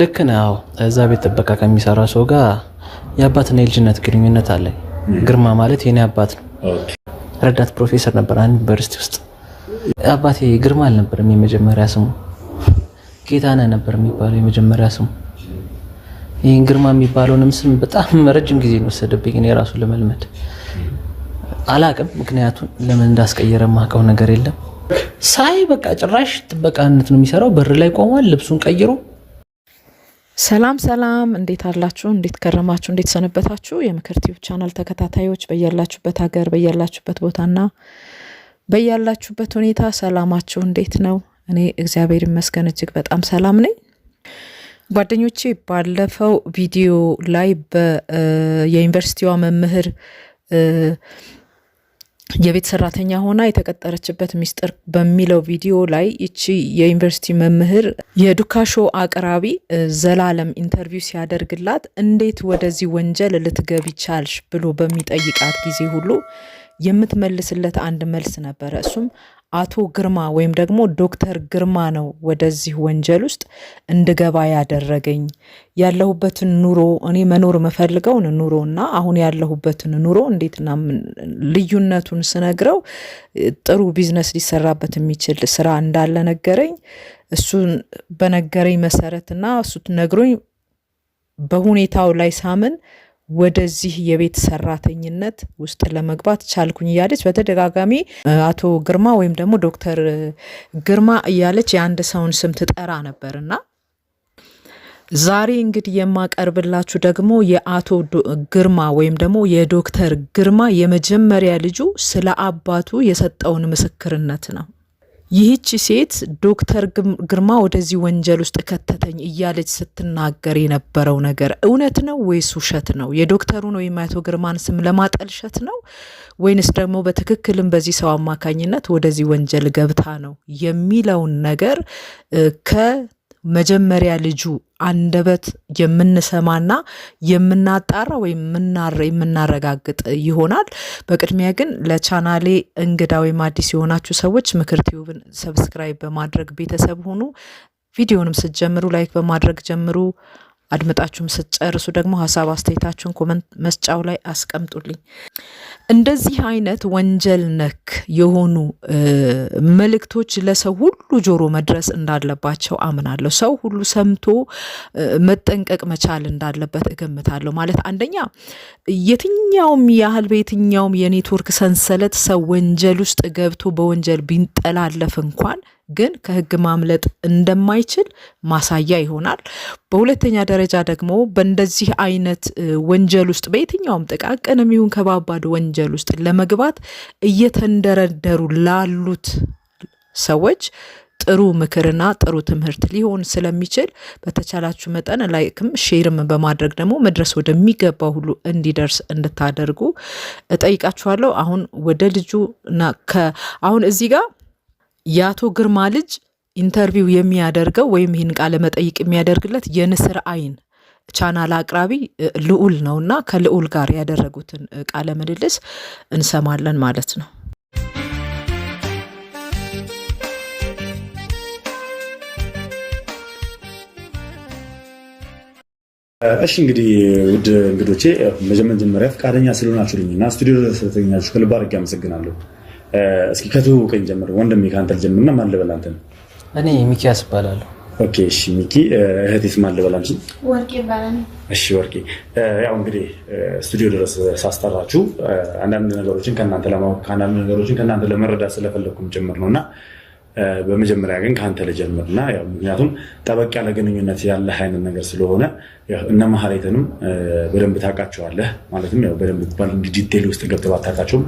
ልክ ነው። እዛ ቤት ጥበቃ ከሚሰራ ሰው ጋር የአባትና የልጅነት ግንኙነት አለ ግርማ ማለት የኔ አባት ነው። ረዳት ፕሮፌሰር ነበር አንድ ዩኒቨርሲቲ ውስጥ። አባቴ ግርማ አልነበረም የመጀመሪያ ስሙ፣ ጌታነህ ነበር የሚባለው የመጀመሪያ ስሙ። ይህን ግርማ የሚባለውንም ስም በጣም ረጅም ጊዜ ነው ወሰደብኝ እኔ ራሱ ለመልመድ። አላቅም ምክንያቱን ለምን እንዳስቀየረ ማቀው ነገር የለም። ሳይ በቃ ጭራሽ ጥበቃነት ነው የሚሰራው። በር ላይ ቆሟል፣ ልብሱን ቀይሮ ሰላም ሰላም፣ እንዴት አላችሁ? እንዴት ከረማችሁ? እንዴት ሰነበታችሁ? የምክር ቲዩብ ቻናል ተከታታዮች በያላችሁበት ሀገር በያላችሁበት ቦታና በያላችሁበት ሁኔታ ሰላማችሁ እንዴት ነው? እኔ እግዚአብሔር ይመስገን እጅግ በጣም ሰላም ነኝ። ጓደኞቼ ባለፈው ቪዲዮ ላይ የዩኒቨርሲቲዋ መምህር የቤት ሰራተኛ ሆና የተቀጠረችበት ሚስጥር በሚለው ቪዲዮ ላይ ይቺ የዩኒቨርሲቲ መምህር የዱካ ሾው አቅራቢ ዘላለም ኢንተርቪው ሲያደርግላት እንዴት ወደዚህ ወንጀል ልትገቢ ቻልሽ ብሎ በሚጠይቃት ጊዜ ሁሉ የምትመልስለት አንድ መልስ ነበረ። እሱም አቶ ግርማ ወይም ደግሞ ዶክተር ግርማ ነው ወደዚህ ወንጀል ውስጥ እንድገባ ያደረገኝ። ያለሁበትን ኑሮ እኔ መኖር የምፈልገውን ኑሮ እና አሁን ያለሁበትን ኑሮ እንዴትና ልዩነቱን ስነግረው ጥሩ ቢዝነስ ሊሰራበት የሚችል ስራ እንዳለ ነገረኝ። እሱን በነገረኝ መሰረትና እሱ ነግሮኝ በሁኔታው ላይ ሳምን ወደዚህ የቤት ሰራተኝነት ውስጥ ለመግባት ቻልኩኝ እያለች በተደጋጋሚ አቶ ግርማ ወይም ደግሞ ዶክተር ግርማ እያለች የአንድ ሰውን ስም ትጠራ ነበር እና ዛሬ እንግዲህ የማቀርብላችሁ ደግሞ የአቶ ግርማ ወይም ደግሞ የዶክተር ግርማ የመጀመሪያ ልጁ ስለ አባቱ የሰጠውን ምስክርነት ነው። ይህች ሴት ዶክተር ግርማ ወደዚህ ወንጀል ውስጥ ከተተኝ እያለች ስትናገር የነበረው ነገር እውነት ነው ወይስ ውሸት ነው? የዶክተሩን ወይም አቶ ግርማን ስም ለማጠልሸት ነው ወይንስ ደግሞ በትክክልም በዚህ ሰው አማካኝነት ወደዚህ ወንጀል ገብታ ነው የሚለውን ነገር ከመጀመሪያ ልጁ አንደበት የምንሰማና የምናጣራ ወይም የምናረጋግጥ ይሆናል። በቅድሚያ ግን ለቻናሌ እንግዳ ወይም አዲስ የሆናችሁ ሰዎች ምክር ቲዩብን ሰብስክራይብ በማድረግ ቤተሰብ ሁኑ። ቪዲዮንም ስትጀምሩ ላይክ በማድረግ ጀምሩ። አድምጣችሁም ስትጨርሱ ደግሞ ሀሳብ አስተያየታችሁን ኮመንት መስጫው ላይ አስቀምጡልኝ። እንደዚህ አይነት ወንጀል ነክ የሆኑ መልእክቶች ለሰው ሁሉ ጆሮ መድረስ እንዳለባቸው አምናለሁ። ሰው ሁሉ ሰምቶ መጠንቀቅ መቻል እንዳለበት እገምታለሁ። ማለት አንደኛ የትኛውም ያህል በየትኛውም የኔትወርክ ሰንሰለት ሰው ወንጀል ውስጥ ገብቶ በወንጀል ቢንጠላለፍ እንኳን ግን ከህግ ማምለጥ እንደማይችል ማሳያ ይሆናል። በሁለተኛ ደረጃ ደግሞ በእንደዚህ አይነት ወንጀል ውስጥ በየትኛውም ጥቃቅንም ይሁን ከባባድ ወንጀል ውስጥ ለመግባት እየተንደረደሩ ላሉት ሰዎች ጥሩ ምክርና ጥሩ ትምህርት ሊሆን ስለሚችል በተቻላችሁ መጠን ላይክም ሼርም በማድረግ ደግሞ መድረስ ወደሚገባ ሁሉ እንዲደርስ እንድታደርጉ እጠይቃችኋለሁ። አሁን ወደ ልጁ እና አሁን እዚህ ጋር የአቶ ግርማ ልጅ ኢንተርቪው የሚያደርገው ወይም ይህን ቃለ መጠይቅ የሚያደርግለት የንስር አይን ቻናል አቅራቢ ልዑል ነው እና ከልዑል ጋር ያደረጉትን ቃለ ምልልስ እንሰማለን ማለት ነው። እሺ እንግዲህ ውድ እንግዶቼ መጀመሪያ ፈቃደኛ ስለሆናችሁልኝ እና ስቱዲዮ ስለተገኛችሁ ከልብ አድርጌ አመሰግናለሁ። እስኪ ከትውውቀኝ ጀምር ወንድሜ፣ ከአንተ ልጀምርና ማን ልበል እኔ ሚኪያስ እባላለሁ። ኦኬ እሺ ሚኪ። እህቴስ ማን ልበል አንቺ? ወርቄ እባላለሁ። እሺ ወርቄ፣ ያው እንግዲህ ስቱዲዮ ድረስ ሳስጠራችሁ አንዳንድ ነገሮችን ከእናንተ ለማወቅ ከአንዳንድ ነገሮችን ከእናንተ ለመረዳት ስለፈለግኩም ጭምር ነው እና በመጀመሪያ ግን ከአንተ ልጀምር እና ምክንያቱም ጠበቅ ያለ ግንኙነት ያለ አይነት ነገር ስለሆነ እነ መሀሌትንም በደንብ ታውቃቸዋለህ። ማለትም በደንብ ዲቴል ውስጥ ገብተህ ባታውቃቸውም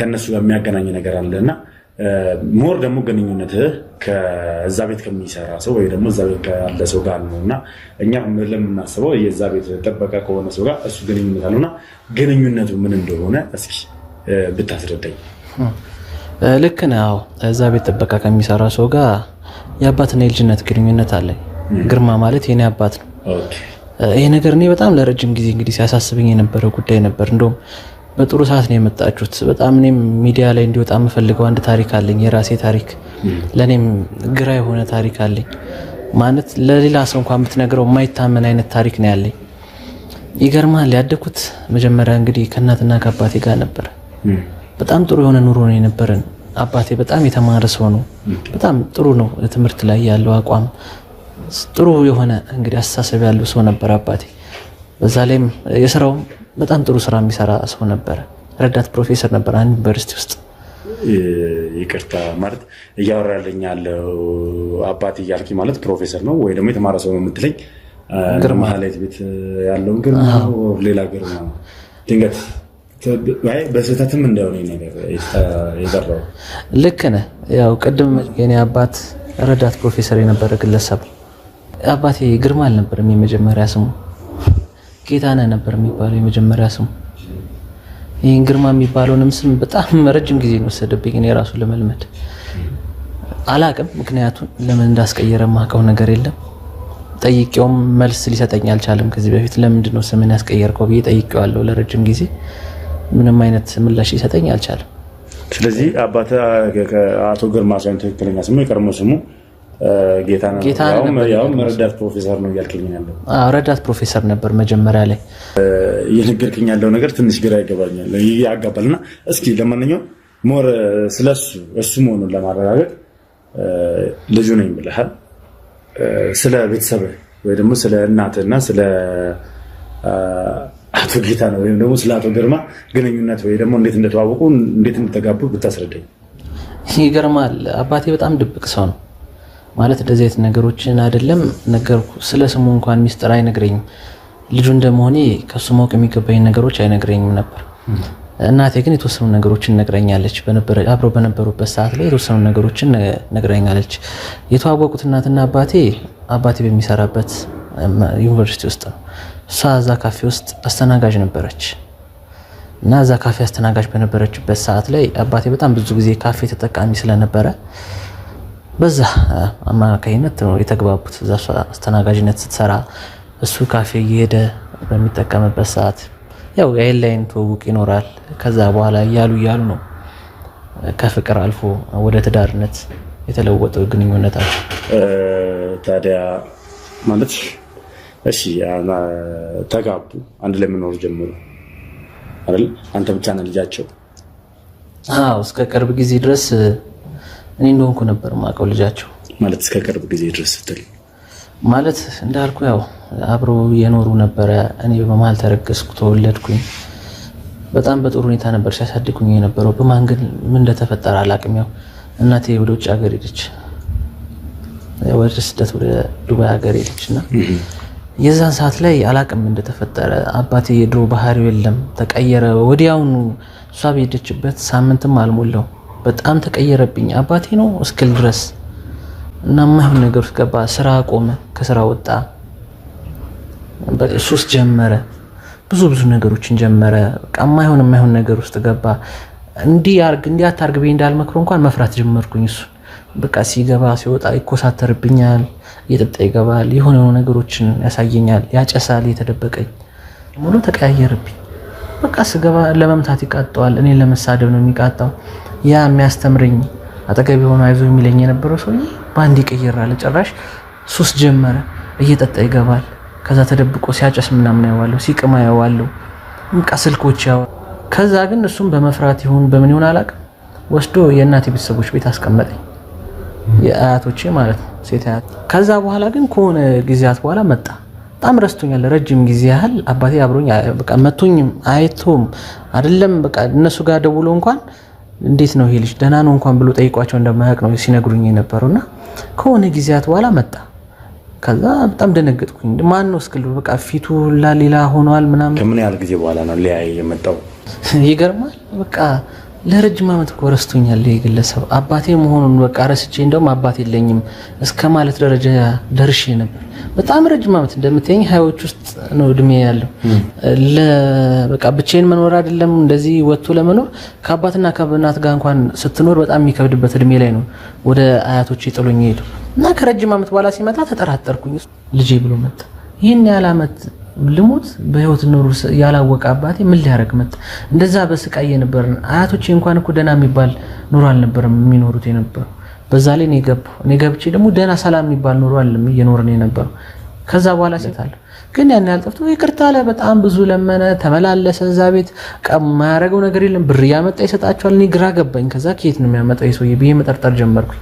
ከእነሱ ጋር የሚያገናኝ ነገር አለ እና ሞር ደግሞ ግንኙነትህ ከዛ ቤት ከሚሰራ ሰው ወይ ደግሞ እዛ ቤት ካለ ሰው ጋር ነው እና እኛ ለምናስበው የዛ ቤት ጠበቀ ከሆነ ሰው ጋር እሱ ግንኙነት አለውና ግንኙነቱ ምን እንደሆነ እስኪ ብታስረዳኝ። ልክ ነው። እዛ ቤት ጥበቃ ከሚሰራ ሰው ጋር የአባትና የልጅነት ግንኙነት አለ ግርማ ማለት የኔ አባት ነው። ይሄ ነገር እኔ በጣም ለረጅም ጊዜ እንግዲህ ሲያሳስብኝ የነበረ ጉዳይ ነበር። እንደውም በጥሩ ሰዓት ነው የመጣችሁት። በጣም እኔም ሚዲያ ላይ እንዲወጣ የምፈልገው አንድ ታሪክ አለኝ፣ የራሴ ታሪክ፣ ለእኔም ግራ የሆነ ታሪክ አለኝ። ማለት ለሌላ ሰው እንኳን ብትነግረው የማይታመን አይነት ታሪክ ነው ያለኝ። ይገርማል። ያደኩት መጀመሪያ እንግዲህ ከእናትና ከአባቴ ጋር ነበር በጣም ጥሩ የሆነ ኑሮ ነው የነበረን። አባቴ በጣም የተማረ ሰው ነው። በጣም ጥሩ ነው ትምህርት ላይ ያለው አቋም፣ ጥሩ የሆነ እንግዲህ አስተሳሰብ ያለው ሰው ነበር አባቴ። በዛ ላይም የስራው በጣም ጥሩ ስራ የሚሰራ ሰው ነበረ። ረዳት ፕሮፌሰር ነበር አንድ ዩኒቨርሲቲ ውስጥ። ይቅርታ ማለት እያወራልኝ ያለው አባቴ እያልኪ ማለት ፕሮፌሰር ነው ወይ ደግሞ የተማረ ሰው ነው የምትለኝ? ግርማ ቤት ያለውን ግርማ ሌላ ግርማ ድንገት በስህተትም እንደሆነ የዘራው ልክ ነህ። ያው ቅድም የኔ አባት ረዳት ፕሮፌሰር የነበረ ግለሰብ አባቴ ግርማ አልነበርም የመጀመሪያ ስሙ፣ ጌታነህ ነበር የሚባለው የመጀመሪያ ስሙ። ይህን ግርማ የሚባለውንም ስም በጣም ረጅም ጊዜ የወሰደብኝ እኔ ራሱ ለመልመድ አላቅም። ምክንያቱን ለምን እንዳስቀየረ ማቀው ነገር የለም። ጠይቄውም መልስ ሊሰጠኝ አልቻለም። ከዚህ በፊት ለምንድን ነው ስምን ያስቀየርከው ብዬ ጠይቄዋለሁ ለረጅም ጊዜ ምንም አይነት ምላሽ ሊሰጠኝ አልቻለም። ስለዚህ አባት አቶ ግርማ ሳይሆን ትክክለኛ ስሙ የቀድሞ ስሙ ጌታ ረዳት ፕሮፌሰር ነው እያልከኝ ያለው? ረዳት ፕሮፌሰር ነበር መጀመሪያ ላይ እየነገርክኝ ያለው ነገር ትንሽ ግራ ይገባኛል ያጋባል። እና እስኪ ለማንኛውም ሞር ስለሱ እሱ መሆኑን ለማረጋገጥ ልጁ ነኝ ብለሃል። ስለ ቤተሰብህ ወይ ደግሞ ስለ እናትና ስለ አቶ ጌታ ነው ወይም ደግሞ ስለ አቶ ግርማ ግንኙነት ወይ ደግሞ እንዴት እንደተዋወቁ እንዴት እንደተጋቡ ብታስረዳኝ። ይገርማል። አባቴ በጣም ድብቅ ሰው ነው ማለት እንደዚህ አይነት ነገሮችን አይደለም ነገርኩ። ስለ ስሙ እንኳን ሚስጥር አይነግረኝም። ልጁ እንደመሆኔ ከሱ ማወቅ የሚገባኝ ነገሮች አይነግረኝም ነበር። እናቴ ግን የተወሰኑ ነገሮችን ነግረኛለች። አብረው በነበሩበት ሰዓት ላይ የተወሰኑ ነገሮችን ነግረኛለች። የተዋወቁት እናትና አባቴ አባቴ በሚሰራበት ዩኒቨርሲቲ ውስጥ ነው እሷ እዛ ካፌ ውስጥ አስተናጋጅ ነበረች እና እዛ ካፌ አስተናጋጅ በነበረችበት ሰዓት ላይ አባቴ በጣም ብዙ ጊዜ ካፌ ተጠቃሚ ስለነበረ በዛ አማካኝነት ነው የተግባቡት። እዛ አስተናጋጅነት ስትሰራ እሱ ካፌ እየሄደ በሚጠቀምበት ሰዓት ያው የአይን ላይን ትውውቅ ይኖራል። ከዛ በኋላ እያሉ እያሉ ነው ከፍቅር አልፎ ወደ ትዳርነት የተለወጠው ግንኙነታቸው ታዲያ ማለት እሺ ተጋቡ፣ አንድ ላይ መኖር ጀምሩ አይደል? አንተ ብቻ ነህ ልጃቸው? አዎ፣ እስከ ቅርብ ጊዜ ድረስ እኔ እንደሆንኩ ነበር ማውቀው ልጃቸው። ማለት እስከ ቅርብ ጊዜ ድረስ ስትል ማለት እንዳልኩ ያው አብረው የኖሩ ነበረ። እኔ በመሀል ተረገዝኩ፣ ተወለድኩኝ። በጣም በጥሩ ሁኔታ ነበር ሲያሳድጉኝ የነበረው። በማንገድ ምን እንደተፈጠረ አላውቅም። ያው እናቴ ወደ ውጭ ሀገር ሄደች፣ ወደ ስደት ወደ ዱባይ ሀገር ሄደች እና የዛን ሰዓት ላይ አላቅም እንደተፈጠረ አባቴ የድሮ ባህሪው የለም ተቀየረ። ወዲያውኑ እሷ በሄደችበት ሳምንትም አልሞላው በጣም ተቀየረብኝ። አባቴ ነው እስክል ድረስ እና ማይሆን ነገር ውስጥ ገባ። ስራ ቆመ፣ ከስራ ወጣ፣ ሱስ ጀመረ፣ ብዙ ብዙ ነገሮችን ጀመረ። በቃ ማይሆን የማይሆን ነገር ውስጥ ገባ። እንዲህ አርግ እንዲህ አታርግ ብዬ እንዳልመክሮ እንኳን መፍራት ጀመርኩኝ። እሱ በቃ ሲገባ ሲወጣ ይኮሳተርብኛል። እየጠጣ ይገባል፣ የሆነ ነገሮችን ያሳየኛል፣ ያጨሳል። የተደበቀኝ ሙሉ ተቀያየርብኝ። በቃ ስገባ ለመምታት ይቃጠዋል፣ እኔ ለመሳደብ ነው የሚቃጣው። ያ የሚያስተምረኝ አጠገብ የሆነ አይዞ የሚለኝ የነበረው ሰውዬ በአንድ ይቀይራል። ጭራሽ ሱስ ጀመረ። እየጠጣ ይገባል። ከዛ ተደብቆ ሲያጨስ ምናምን ያዋለሁ፣ ሲቅማ ያዋለሁ፣ በቃ ስልኮች ያዋ ከዛ ግን እሱም በመፍራት ይሁን በምን ይሁን አላውቅም፣ ወስዶ የእናቴ ቤተሰቦች ቤት አስቀመጠኝ። የአያቶች ማለት ነው ሴት አያት። ከዛ በኋላ ግን ከሆነ ጊዜያት በኋላ መጣ። በጣም ረስቶኛል። ረጅም ጊዜ ያህል አባቴ አብሮኝ በቃ መቶኝም አይቶም አይደለም በቃ እነሱ ጋር ደውሎ እንኳን እንዴት ነው ይሄ ልጅ ደህና ነው እንኳን ብሎ ጠይቋቸው እንደማያውቅ ነው ሲነግሩኝ የነበረውና ከሆነ ጊዜያት በኋላ መጣ። ከዛ በጣም ደነገጥኩኝ። ማን ነው እስክል በቃ ፊቱ ላሌላ ሆኗል ምናምን። ከምን ያህል ጊዜ በኋላ ነው ሊያይ የመጣው? ይገርማል በቃ ለረጅም ዓመት እኮ ረስቶኛል ይሄ ግለሰብ አባቴ መሆኑን በቃ ረስቼ እንደውም አባት የለኝም እስከ ማለት ደረጃ ደርሼ ነበር። በጣም ረጅም ዓመት እንደምትኝ ሀያዎች ውስጥ ነው እድሜ ያለው። በቃ ብቻዬን መኖር አይደለም እንደዚህ ወጥቶ ለመኖር ከአባትና ከእናት ጋር እንኳን ስትኖር በጣም የሚከብድበት እድሜ ላይ ነው ወደ አያቶች ጥሎኝ ሄዱ እና ከረጅም ዓመት በኋላ ሲመጣ ተጠራጠርኩኝ። ልጄ ብሎ መጣ። ይህን ያህል ዓመት ልሙት በህይወት ኑሩ ያላወቀ አባቴ ምን ሊያደርግ መጣ? እንደዛ በስቃይ የነበርን አያቶቼ እንኳን እኮ ደህና የሚባል ኑሮ አልነበረም የሚኖሩት የነበሩ በዛ ላይ እኔ ገባሁ። እኔ ገብቼ ደግሞ ደህና ሰላም የሚባል ኑሮ አለም እየኖርን የነበረው። ከዛ በኋላ ሴታለ ግን ያን ያልጠፍቶ ይቅርታ አለ። በጣም ብዙ ለመነ፣ ተመላለሰ። እዛ ቤት የማያደርገው ነገር የለም። ብር እያመጣ ይሰጣቸዋል። እኔ ግራ ገባኝ። ከዛ ከየት ነው የሚያመጣው የሰውዬ ብዬ መጠርጠር ጀመርኩኝ።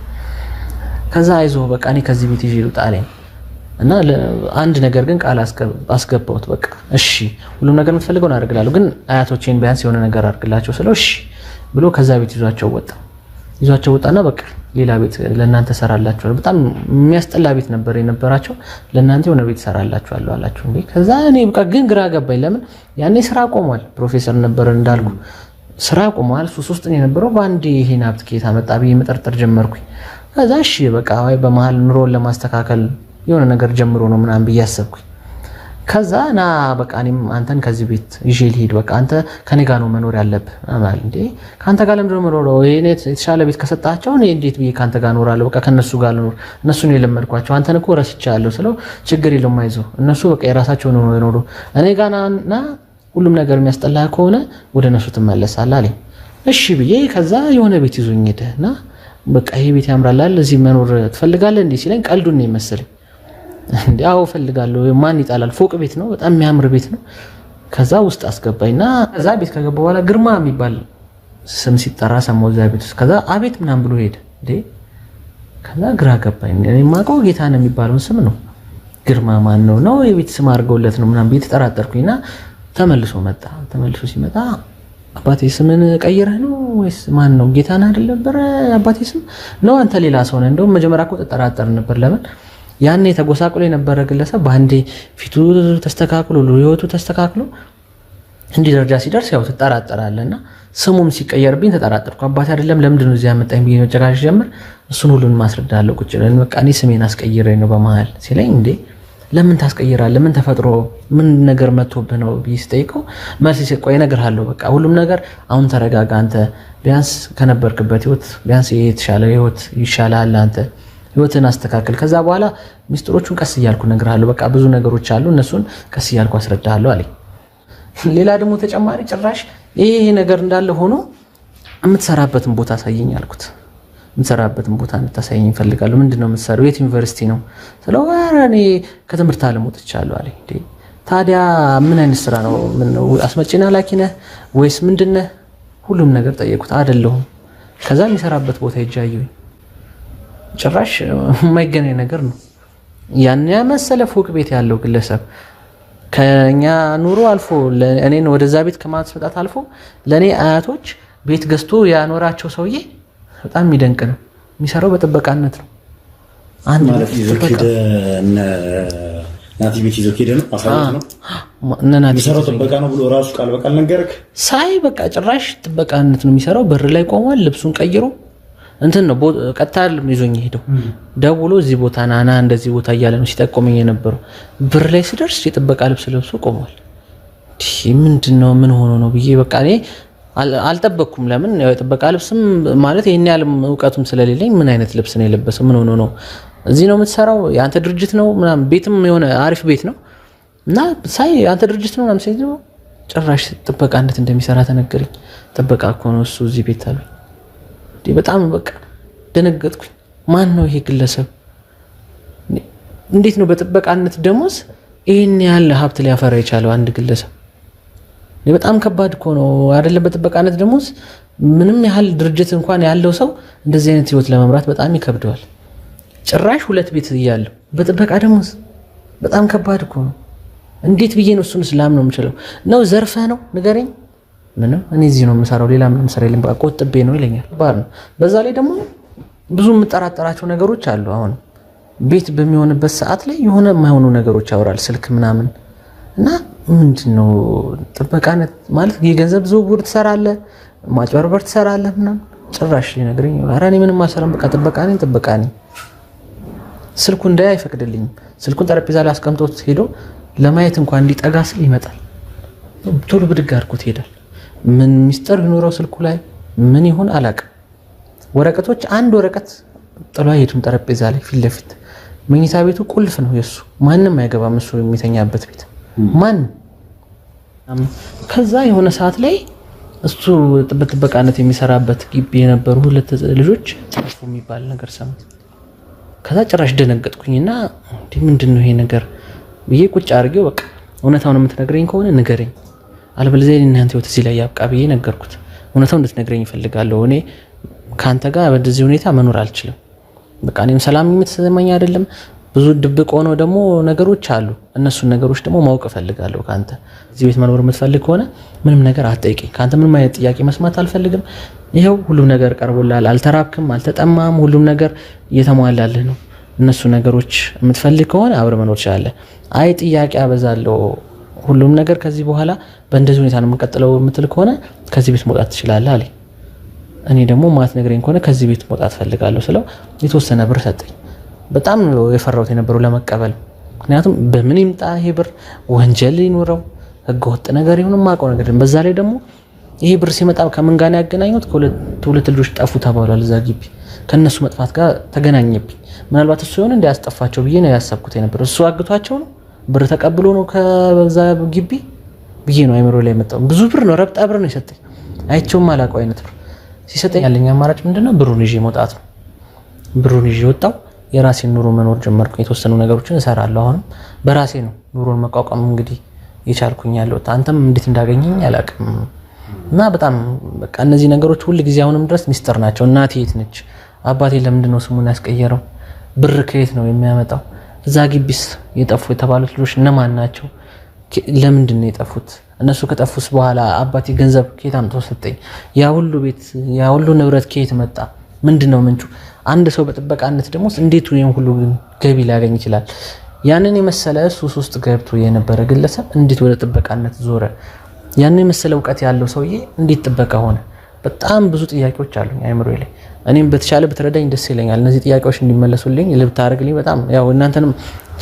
ከዛ አይዞ በቃ እኔ ከዚህ ቤት ይዤ ልውጣ አለኝ። እና አንድ ነገር ግን ቃል አስገባሁት። በቃ እሺ፣ ሁሉም ነገር የምትፈልገውን አደርግላለሁ፣ ግን አያቶቼን ቢያንስ የሆነ ነገር አድርግላቸው ስለው እሺ ብሎ ከዛ ቤት ይዟቸው ወጣ። ይዟቸው ወጣና በቃ ሌላ ቤት ለእናንተ ሰራላችኋል። በጣም የሚያስጠላ ቤት ነበር የነበራቸው። ለእናንተ የሆነ ቤት ሰራላችኋል አላችሁ። ከዛ እኔ በቃ ግን ግራ ገባኝ። ለምን ያኔ ስራ ቆሟል። ፕሮፌሰር ነበር እንዳልኩ ስራ ቆሟል። ሱስ ውስጥ የነበረው በአንድ ይሄን ሀብት ከየት አመጣ ብዬ መጠርጠር ጀመርኩኝ። ከዛ እሺ በቃ በመሀል ኑሮን ለማስተካከል የሆነ ነገር ጀምሮ ነው ምናምን ብዬ አሰብኩኝ። ከዛ ና በቃ እኔም አንተን ከዚህ ቤት ይዤ ልሄድ፣ በቃ አንተ ከኔ ጋር ነው መኖር ያለብህ ማለት እንዴ፣ ከአንተ ጋር ለምንድን ነው የምኖረው? የተሻለ ቤት ከሰጣቸው እኔ እንዴት ብዬ ከአንተ ጋር እኖራለሁ? በቃ ከእነሱ ጋር ልኖር፣ እነሱ ነው የለመድኳቸው፣ አንተን እኮ ረስቻለሁ ስለው፣ ችግር የለም አይዞህ፣ እነሱ በቃ የራሳቸው ነው የኖሩ፣ እኔ ጋር ና፣ ሁሉም ነገር የሚያስጠላ ከሆነ ወደ እነሱ ትመለሳለህ አለኝ። እሺ ብዬ ከዛ የሆነ ቤት ይዞኝ ሄደ እና በቃ ይሄ ቤት ያምራላል፣ እዚህ መኖር ትፈልጋለህ እንዲህ ሲለኝ ቀልዱን ነው የመሰለኝ እንዲያው ፈልጋለሁ። ማን ይጣላል? ፎቅ ቤት ነው፣ በጣም የሚያምር ቤት ነው። ከዛ ውስጥ አስገባኝና ከዛ ቤት ከገባ በኋላ ግርማ የሚባል ስም ሲጠራ ሰማሁ እዛ ቤት ውስጥ። ከዛ አቤት ምናምን ብሎ ሄደ። ከዛ ግራ ገባኝ። የማውቀው ጌታ ነው የሚባለውን ስም ነው። ግርማ ማን ነው ነው የቤት ስም አድርገውለት ነው ምናምን ቤት ተጠራጠርኩኝና ተመልሶ መጣ። ተመልሶ ሲመጣ አባቴ ስምን ቀይረህ ነው ወይስ ማን ነው? ጌታን አይደል ነበረ አባቴ ስም ነው። አንተ ሌላ ሰው ነህ። እንደውም መጀመሪያ እኮ ተጠራጠር ነበር ለምን ያኔ ተጎሳቅሎ የነበረ ግለሰብ በአንዴ ፊቱ ተስተካክሎ ህይወቱ ተስተካክሎ እንዲህ ደረጃ ሲደርስ ያው ትጠራጠራለህ እና ስሙም ሲቀየርብኝ ተጠራጠርኩ። አባቴ አይደለም ለምንድን ነው እዚህ ያመጣኝ ብዬ መጨቃጨቅ ሲጀምር እሱን ሁሉን ማስረዳለሁ። ቁጭ ብለን በቃ እኔ ስሜን አስቀይረኝ ነው በመሀል ሲለኝ እንዴ ለምን ታስቀይራለህ? ምን ተፈጥሮ ምን ነገር መጥቶብህ ነው ብዬ ስጠይቀው መልስ ሲሰጥ ቆይ እነግርሃለሁ፣ በቃ ሁሉም ነገር አሁን ተረጋጋ አንተ ቢያንስ ከነበርክበት ህይወት ቢያንስ የተሻለ ህይወት ይሻላል አንተ ህይወትን አስተካክል። ከዛ በኋላ ሚስጥሮቹን ቀስ እያልኩ እነግርሃለሁ። በቃ ብዙ ነገሮች አሉ፣ እነሱን ቀስ እያልኩ አስረዳሃለሁ አለኝ። ሌላ ደግሞ ተጨማሪ ጭራሽ ይሄ ነገር እንዳለ ሆኖ የምትሰራበትን ቦታ አሳየኝ አልኩት። የምትሰራበትን ቦታ እንድታሳየኝ ይፈልጋሉ። ምንድን ነው የምትሰራው? የት ዩኒቨርሲቲ ነው ስለው፣ ኧረ እኔ ከትምህርት ዓለም ወጥቻለሁ አለኝ። ታዲያ ምን አይነት ስራ ነው? አስመጪና ላኪ ነህ ወይስ ምንድን ነህ? ሁሉም ነገር ጠየቁት። አይደለሁም። ከዛ የሚሰራበት ቦታ ይጃየኝ ጭራሽ የማይገናኝ ነገር ነው። ያን መሰለ ፎቅ ቤት ያለው ግለሰብ ከኛ ኑሮ አልፎ እኔን ወደዛ ቤት ከማስመጣት አልፎ ለእኔ አያቶች ቤት ገዝቶ ያኖራቸው ሰውዬ በጣም የሚደንቅ ነው። የሚሰራው በጥበቃነት ነው። ሳይ በቃ ጭራሽ ጥበቃነት ነው የሚሰራው። በር ላይ ቆሟል፣ ልብሱን ቀይሮ እንትን ነው ቀጥታ ይዞኝ ሄደው ደውሎ እዚህ ቦታ ናና እንደዚህ ቦታ እያለ ነው ሲጠቆመኝ የነበረው። ብር ላይ ስደርስ የጥበቃ ልብስ ለብሶ ቆሟል። ምንድን ነው ምን ሆኖ ነው ብዬ በቃ እኔ አልጠበቅኩም። ለምን ያው የጥበቃ ልብስም ማለት ይህን ያህል እውቀቱም ስለሌለኝ ምን አይነት ልብስ ነው የለበሰው? ምን ሆኖ ነው እዚህ ነው የምትሰራው? የአንተ ድርጅት ነው ምናምን። ቤትም የሆነ አሪፍ ቤት ነው እና ሳይ የአንተ ድርጅት ነው ምናምን ጭራሽ ጥበቃ እንዴት እንደሚሰራ ተነገረኝ። ጥበቃ እኮ ነው እሱ እዚህ ቤት አሉኝ። በጣም በቃ ደነገጥኩኝ። ማን ነው ይሄ ግለሰብ? እንዴት ነው በጥበቃነት ደሞዝ ይህን ያህል ሀብት ሊያፈራ የቻለው አንድ ግለሰብ? በጣም ከባድ እኮ ነው አይደለም? በጥበቃነት ደሞዝ ምንም ያህል ድርጅት እንኳን ያለው ሰው እንደዚህ አይነት ህይወት ለመምራት በጣም ይከብደዋል። ጭራሽ ሁለት ቤት እያለው በጥበቃ ደሞዝ በጣም ከባድ እኮ ነው። እንዴት ብዬ ነው እሱን ስላም ነው የምችለው? ነው ዘርፈ ነው ንገረኝ። ምንም እኔ እዚህ ነው የምሰራው፣ ሌላ ምንም ስራ የለም፣ በቃ ቆጥቤ ነው ይለኛል። ባር ነው። በዛ ላይ ደግሞ ብዙ የምጠራጠራቸው ነገሮች አሉ። አሁን ቤት በሚሆንበት ሰዓት ላይ የሆነ የማይሆኑ ነገሮች ያወራል፣ ስልክ ምናምን እና ምንድን ነው ጥበቃነት ማለት የገንዘብ ዝውውር ትሰራለህ፣ ማጭበርበር ትሰራለህ ምናምን ጭራሽ ሊነግረኝ ኧረ ምንም አልሰራም፣ በቃ ጥበቃ ነኝ ጥበቃ ነኝ። ስልኩ እንዳይ አይፈቅድልኝም። ስልኩን ጠረጴዛ ላይ አስቀምጦት ሄዶ ለማየት እንኳን እንዲጠጋ ስል ይመጣል። ቶሎ ብድግ አድርጎት ይሄዳል። ምን ሚስጥር ቢኖረው ስልኩ ላይ ምን ይሁን አላቅም። ወረቀቶች አንድ ወረቀት ጥሎ ሄዱም ጠረጴዛ ላይ ፊት ለፊት መኝታ ቤቱ ቁልፍ ነው የሱ። ማንም አይገባም እሱ የሚተኛበት ቤት ማንም። ከዛ የሆነ ሰዓት ላይ እሱ በጥበቃነት የሚሰራበት ግቢ የነበሩ ሁለት ልጆች ጠፉ የሚባል ነገር ሰማ። ከዛ ጭራሽ ደነገጥኩኝና ምንድን ነው ይሄ ነገር ብዬ ቁጭ አድርጌው በቃ እውነታውን የምትነግረኝ ከሆነ ንገረኝ አለበለዚያ እናንተ ህይወት እዚህ ላይ ያብቃ ብዬ ነገርኩት። እውነታው እንድትነግረኝ ይፈልጋለሁ። እኔ ከአንተ ጋር በዚህ ሁኔታ መኖር አልችልም። በቃ እኔም ሰላም የምትሰማኝ አይደለም። ብዙ ድብቅ ሆነው ደግሞ ነገሮች አሉ። እነሱን ነገሮች ደግሞ ማወቅ እፈልጋለሁ ከአንተ። እዚህ ቤት መኖር የምትፈልግ ከሆነ ምንም ነገር አትጠይቂኝ። ከአንተ ምንም አይነት ጥያቄ መስማት አልፈልግም። ይኸው ሁሉም ነገር ቀርቦላል አልተራብክም፣ አልተጠማም፣ ሁሉም ነገር እየተሟላልህ ነው። እነሱ ነገሮች የምትፈልግ ከሆነ አብረ መኖር ትችላለህ። አይ ጥያቄ አበዛለሁ ሁሉም ነገር ከዚህ በኋላ በእንደዚህ ሁኔታ ነው የምንቀጥለው የምትል ከሆነ ከዚህ ቤት መውጣት ትችላለህ አለኝ። እኔ ደግሞ ማት ነግረኝ ከሆነ ከዚህ ቤት መውጣት ፈልጋለሁ ስለው የተወሰነ ብር ሰጠኝ። በጣም የፈራሁት የነበረው ለመቀበል፣ ምክንያቱም በምን ይምጣ ይሄ ብር ወንጀል ይኖረው ህገወጥ ነገር ይሁን የማውቀው ነገር በዛ ላይ ደግሞ ይሄ ብር ሲመጣ ከምን ጋር ያገናኙት? ከሁለት ልጆች ጠፉ ተባሏል እዛ ግቢ። ከእነሱ መጥፋት ጋር ተገናኘብኝ። ምናልባት እሱ የሆነ እንዲያስጠፋቸው ብዬ ነው ያሰብኩት የነበረው። እሱ አግቷቸው ነው ብር ተቀብሎ ነው ከዛ ግቢ ብዬ ነው አይምሮ ላይ መጣው። ብዙ ብር ነው፣ ረብጣ ብር ነው የሰጠኝ። አይቼውም አላውቀው አይነት ብር ሲሰጠኝ ያለኝ አማራጭ ምንድነው? ብሩን ይዤ መውጣት ነው። ብሩን ይዤ ወጣው። የራሴን ኑሮ መኖር ጀመርኩ። የተወሰኑ ነገሮችን እሰራለሁ። አሁንም በራሴ ነው ኑሮን መቋቋም እንግዲህ የቻልኩኝ ያለሁት። አንተም እንዴት እንዳገኘኝ አላውቅም። እና በጣም በቃ እነዚህ ነገሮች ሁል ጊዜ አሁንም ድረስ ሚስጥር ናቸው። እናቴ የት ነች? አባቴ ለምንድን ነው ስሙን ያስቀየረው? ብር ከየት ነው የሚያመጣው? እዛ ግቢስ የጠፉ የተባሉት ልጆች እነማን ናቸው? ለምንድን ነው የጠፉት? እነሱ ከጠፉስ በኋላ አባቴ ገንዘብ ከየት አምጥቶ ሰጠኝ? ያ ሁሉ ቤት ያ ሁሉ ንብረት ከየት መጣ? ምንድን ነው ምንጩ? አንድ ሰው በጥበቃነት ደግሞ እንዴት ወይም ሁሉ ገቢ ሊያገኝ ይችላል? ያንን የመሰለ ሱስ ውስጥ ገብቶ የነበረ ግለሰብ እንዴት ወደ ጥበቃነት ዞረ? ያንን የመሰለ እውቀት ያለው ሰውዬ እንዴት ጥበቃ ሆነ? በጣም ብዙ ጥያቄዎች አሉኝ አይምሮ ላይ። እኔም በተቻለ ብትረዳኝ ደስ ይለኛል። እነዚህ ጥያቄዎች እንዲመለሱልኝ ልብታደርግልኝ በጣም ያው እናንተንም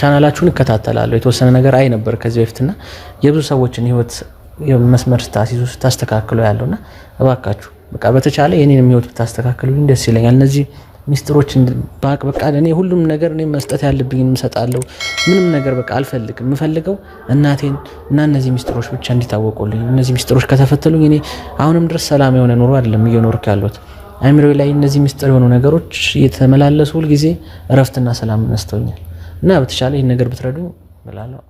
ቻናላችሁን እከታተላለሁ። የተወሰነ ነገር አይ ነበር ከዚህ በፊትና የብዙ ሰዎችን ህይወት መስመር ስታሲዙ ስታስተካክሉ ያለውና እባካችሁ በቃ በተቻለ የኔንም ህይወት ብታስተካክሉልኝ ደስ ይለኛል። እነዚህ ሚስጥሮች ባቅ በቃ እኔ ሁሉም ነገር እኔ መስጠት ያለብኝ እሰጣለሁ። ምንም ነገር በቃ አልፈልግም። የምፈልገው እናቴን እና እነዚህ ሚስጥሮች ብቻ እንዲታወቁልኝ። እነዚህ ሚስጥሮች ከተፈተሉኝ እኔ አሁንም ድረስ ሰላም የሆነ ኑሮ አይደለም እየኖርኩ ያለሁት። አይምሮ ላይ እነዚህ ምስጢር የሆኑ ነገሮች እየተመላለሱ ሁልጊዜ እረፍትና ሰላም ነስተውኛል እና በተሻለ ይህን ነገር ብትረዱ እላለሁ።